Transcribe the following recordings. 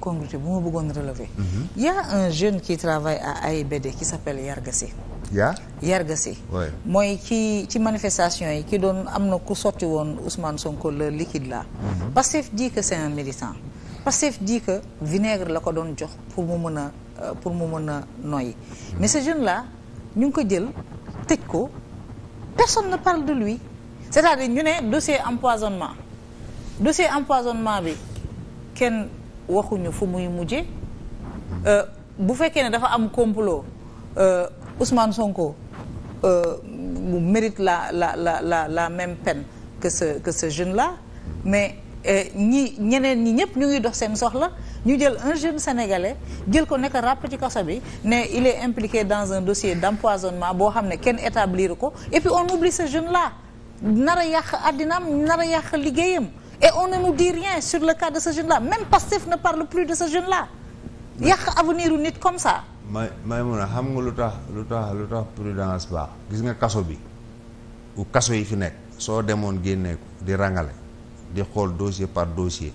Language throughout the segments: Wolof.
congruité bu ma bëggoon relever. Mhm. y a un jeune qui travaille à AIBD qui s'appelle Yargassi. yaa Yargassi. mooy ci ci manifestation yi ki doon am na ku sotti woon Ousmane Sonko le liquide là. Mhm. Pastef dit que c'est un militant. Pastef dit que vinaigre la ko doon jox pour mu mën a euh, pour mu mën a noyyi. Mhm. mais ce jeune là ñu ngi ko jël tëj ko personne ne parle de lui. c'est-à-dire ñu ne dossier empoisonnement dossier empoisonnement bi kenn. waxuñu fu muy mujje euh, bu fekkee ne dafa am complot euh, Ousmane Sonko euh, mu mérite la la la la la même peine que ce que jeune là mais ñi ñeneen ñi ñëpp ñu ngi dox seen soxla ñu jël un jeune sénégalais jël ko nekk ràpp ci kaso bi ne il est impliqué dans un dossier d'empoisonnement boo xam ne kenn établir ko et puis on oublie ce jeune là nar a yàq àddinaam nar a yàq liggéeyam et on ne nous dit rien sur le cas de ce jeune-là même Pastef ne parle plus de ce jeune-là yàq avenir nit comme ça may may mun a xam nga lu tax lu tax lu tax prudence baax gis nga kaso bi u kaso yi fi nekk soo demoon génnee ko di rangale di xool dossier par dossier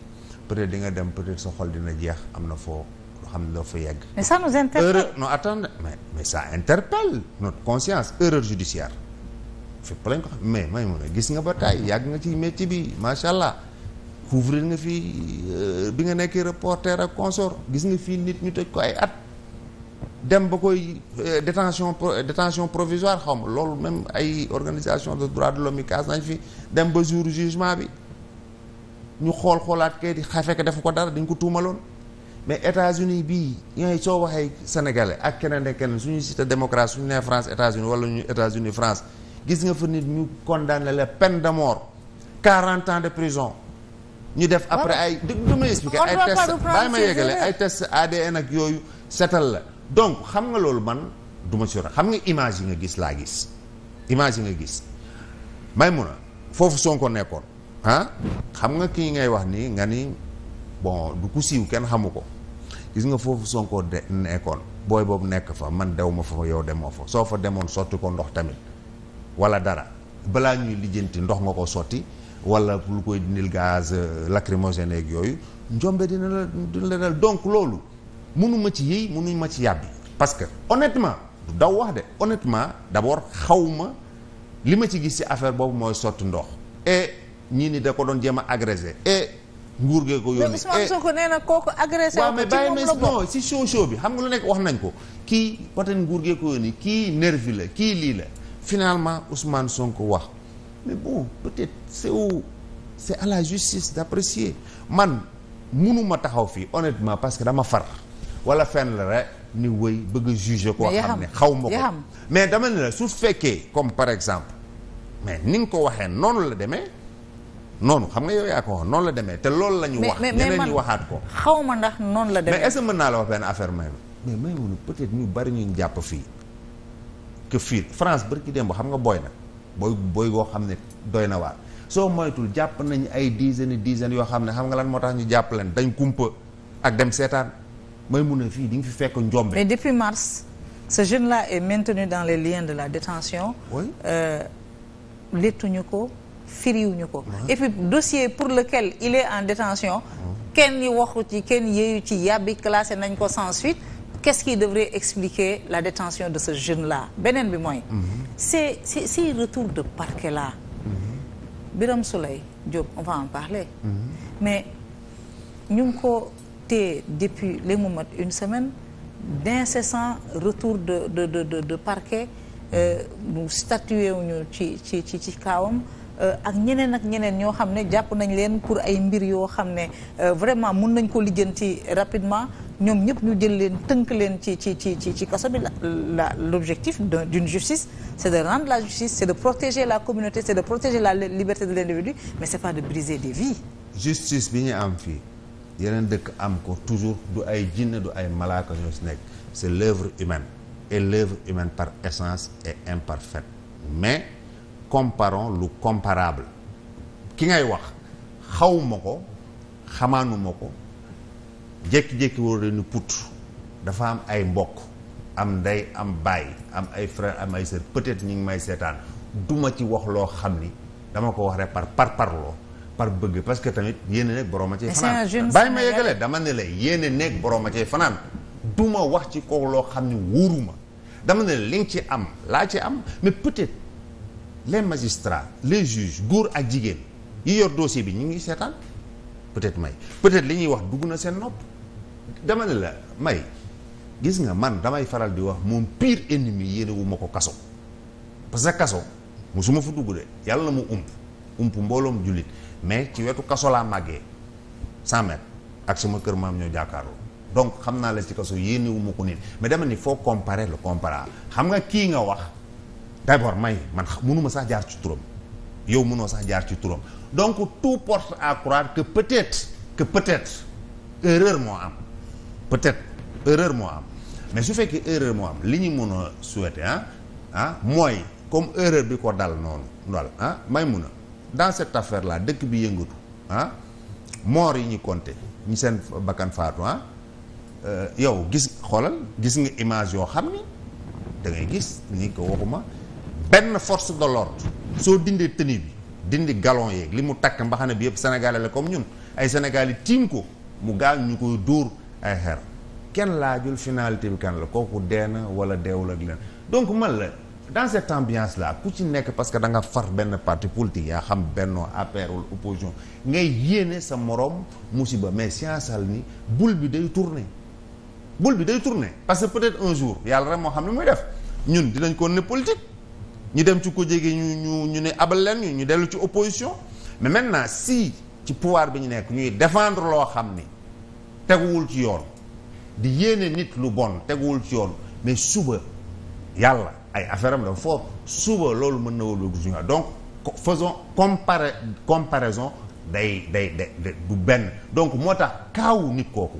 peut-être di nga dem peut-être sa xol dina jeex am na foo xam ne doo fa yegg mais ça nous interpelle erreur non attendez mais mais ça interpelle notre conscience erreur judiciaire fépp lañ ko xam mais may mun a gis nga ba tey yàgg nga ci métier bi macha allah couvrir nga fi euh, bi nga nekkee reporter ak consort gis nga fii nit ñu tëj ko ay at dem ba koy euh, détention détention provisoire xaw ma loolu même ay organisation de droits de l'homme yi kaas nañ fi dem ba jour jugement bi ñu xool xoolaat kayit yi xa fekk def ko dara dañ ko tuumaloon mais États-Unis bii ñooy soo waxee sénégalais ak keneen ak keneen suñu cité démocratie suñu nee France États-Unis wala ñu États-Unis France gis nga fa nit ñu condamné la peine de mort quarante ans de prison ñu def après ay dama expliquer ay test bàyyi ma yegale ay test ADN ak yooyu setal la donc xam nga loolu man du ma sura xam nga image yi nga gis laa gis image yi nga gis may mun a foofu Sonko nekkoon ah xam nga kii ngay wax nii nga ni bon du ku kenn xamu ko gis nga foofu Sonko de nekkoon booy boobu nekk fa man dew ma fa yow demoo fa soo fa demoon sotti ko ndox tamit wala dara balaa ñuy lijjanti ndox nga ko sotti wala lu koy dindil gaz euh, lacrymogène ak yooyu njombe dina la dina la dal donc loolu mënuma ci yëy ma ci yàbbi parce que honnêtement du daw wax de honnêtement d'abord xawma li ma ci gis ci affaire boobu mooy sotti ndox et ñii ni da ko doon jéem a agressé et nguur gee ko yónni mais Ousmane Sonko nee na kooku agressé waaw mais bàyyi mais non si show show bi xam nga lu nekk wax nañ ko kii peut-être nguur gee ko yónni kii nervi la kii lii la finalement Ousmane Sonko wax mais bon peut c'est au c'est à la justice d'apprécier man munuma taxaw fii honnêtement parce que dama far wala fen la rek ni wëy bëgg a juger koo xam ne xaw ma ko mais dama ne la su fekkee comme par exemple mais ni nga ko waxee noonu la demee noonu xam nga yow yaa ko noonu la demee te loolu la ñu wax ñeneen ñi waxaat ko xaw ma ndax noonu la demee mais naa la wax affaire may mais may munu peut-être ñu bari ñu jàpp fii que fii France bërki démb xam nga booy na booy booy boo xam ne doy na waar soo moytul jàpp nañ ay dizaine dizaine yoo xam ne xam nga lan moo tax ñu jàpp leen dañ kumpa ak dem seetaan may mun a fii di nga fi fekk njombe. mais depuis mars ce jeune là est maintenu dans les liens de la détention oui euh, léttuñu ko firiwuñu ko. et puis dossier pour lequel il est en détention kenn waxu ci kenn yeeyu ci yàbbi classé nañ ko sans suite. qu'est-ce qui devrait expliquer la détention de ce jeune-là beneen bi mooy. c'est c'est ces retours de parquet-là. Birame Souleye Diop on va en parler. mais ñu ngi ko téye depuis léegi mu mat une semaine d'incessant retour de de de de, de parquet euh, mu statué wuñu ci ci ci ci kaawam. Euh, ak ñeneen ak ñeneen ñoo xam ne jàpp nañ leen pour ay mbir yoo xam ne euh, vraiment mun nañ ko lijjanti rapidement. ñoom ñëpp ñu jël leen tënk leen ci ci ci ci ci kaso bi la la l'objectif d'une justice c'est de rendre la justice c'est de protéger la communauté c'est de protéger la liberté de l'individu mais c'est pas de briser des vies justice bi ñu am fii yeneen dëkk am ko toujours du ay jinne du ay malaaka ñoo si nekk c'est l'œuvre humaine et l'œuvre humaine par essence est imparfaite mais comparons lu comparable ki ngay wax xawuma ko xamaanuma ko jékki-jékki wóor ni put dafa am ay mbokk am ndey am baay am ay frère am ay sœur peut-être ñu ngi may seetaan duma ci wax loo xam ni dama ko wax rek par par parloo par bëgg parce que tamit yéen a nekk borom a cee fanaan bàyyi ma yegale dama ne la yéen nekk borom a fanaan duma wax ci kooku loo xam ni wóoruma dama ne la li nga ci am laa ci am mais peut-être les magistrats les góor ak jigéen yi yor dossier bi ñu ngi seetaan peut-être may peut-être li ñuy wax dugg na seen nopp dama la may gis nga man damay faral di wax moom piir ennemi yéene ma ko kaso parce que kaso musuma fu dugg de yàlla na mu ump ump mbooloom jullit mais ci wetu kaso laa màggee 100 mètres ak sama kër maam ñoo jàkkaarloo donc xam naa la ci kaso yéene wu ma ko nit mais demal ni foo comparer le comparable xam nga kii nga wax d'abord may man mënuma sax jaar ci turam yow mënoo sax jaar ci turam donc tout porte à croire que peut-être que peut-être am peut-être erreur moo am mais su fekkee erreur moo am li ñu mën a souhaiter ah mooy comme erreur bi ko dal noonu dal ah may mun a dans cette affaire là dëkk bi yëngatu ah moor yi ñu compter ñu seen bakkan faatu euh, yow gis xoolal gis nga image yoo xam ni dangay gis ni ko waxuma benn force de l'ordre soo dindee tenue bi dindi galon yee li mu takk mbaxana bi yëpp sénégalais la comme ñun ay sénégalais tiim ko mu gaañ ñu koy dóor ay xeer kenn laajul finalité bi kan la kooku dee na wala deewul ak leen donc man la dans cette ambiance là ku ci nekk parce que da nga far benn parti politique yaa xam bennoo APR wala opposition ngay yéene sa moroom musiba mais scienceal ni boule bi day tourner boule bi day tourner parce que peut-être un jour yàlla rek moo xam ne muy def ñun dinañ ko ne politique ñu dem ci ko jege ñu ñu ñu ne abal leen ñu dellu ci opposition mais maintenant si ci pouvoir bi ñu nekk ñuy défendre loo xam ni teguwul ci yoon di yéene nit lu bon teguwul ci yoon mais suba yàlla ay affaire am dafa fort suba loolu mën na wóolu donc façon compara comparaison day day day du benn donc moo tax kaaw nit kooku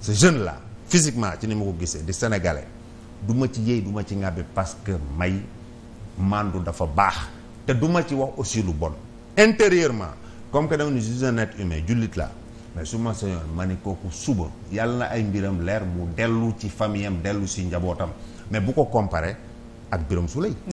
ce jeune la physiquement ci ni ma ko gisee di sénégalais du ma ci yéey duma ci ŋàbbi parce que may mandu dafa baax te duma ci wax aussi lu bon intérieurement comme que dama ne je suis un jullit la mais su ma sañoon ma ni kooku suba yàlla ay mbiram leer mu dellu ci famille dellu si njabootam mais bu ko comparé ak Birame Souleye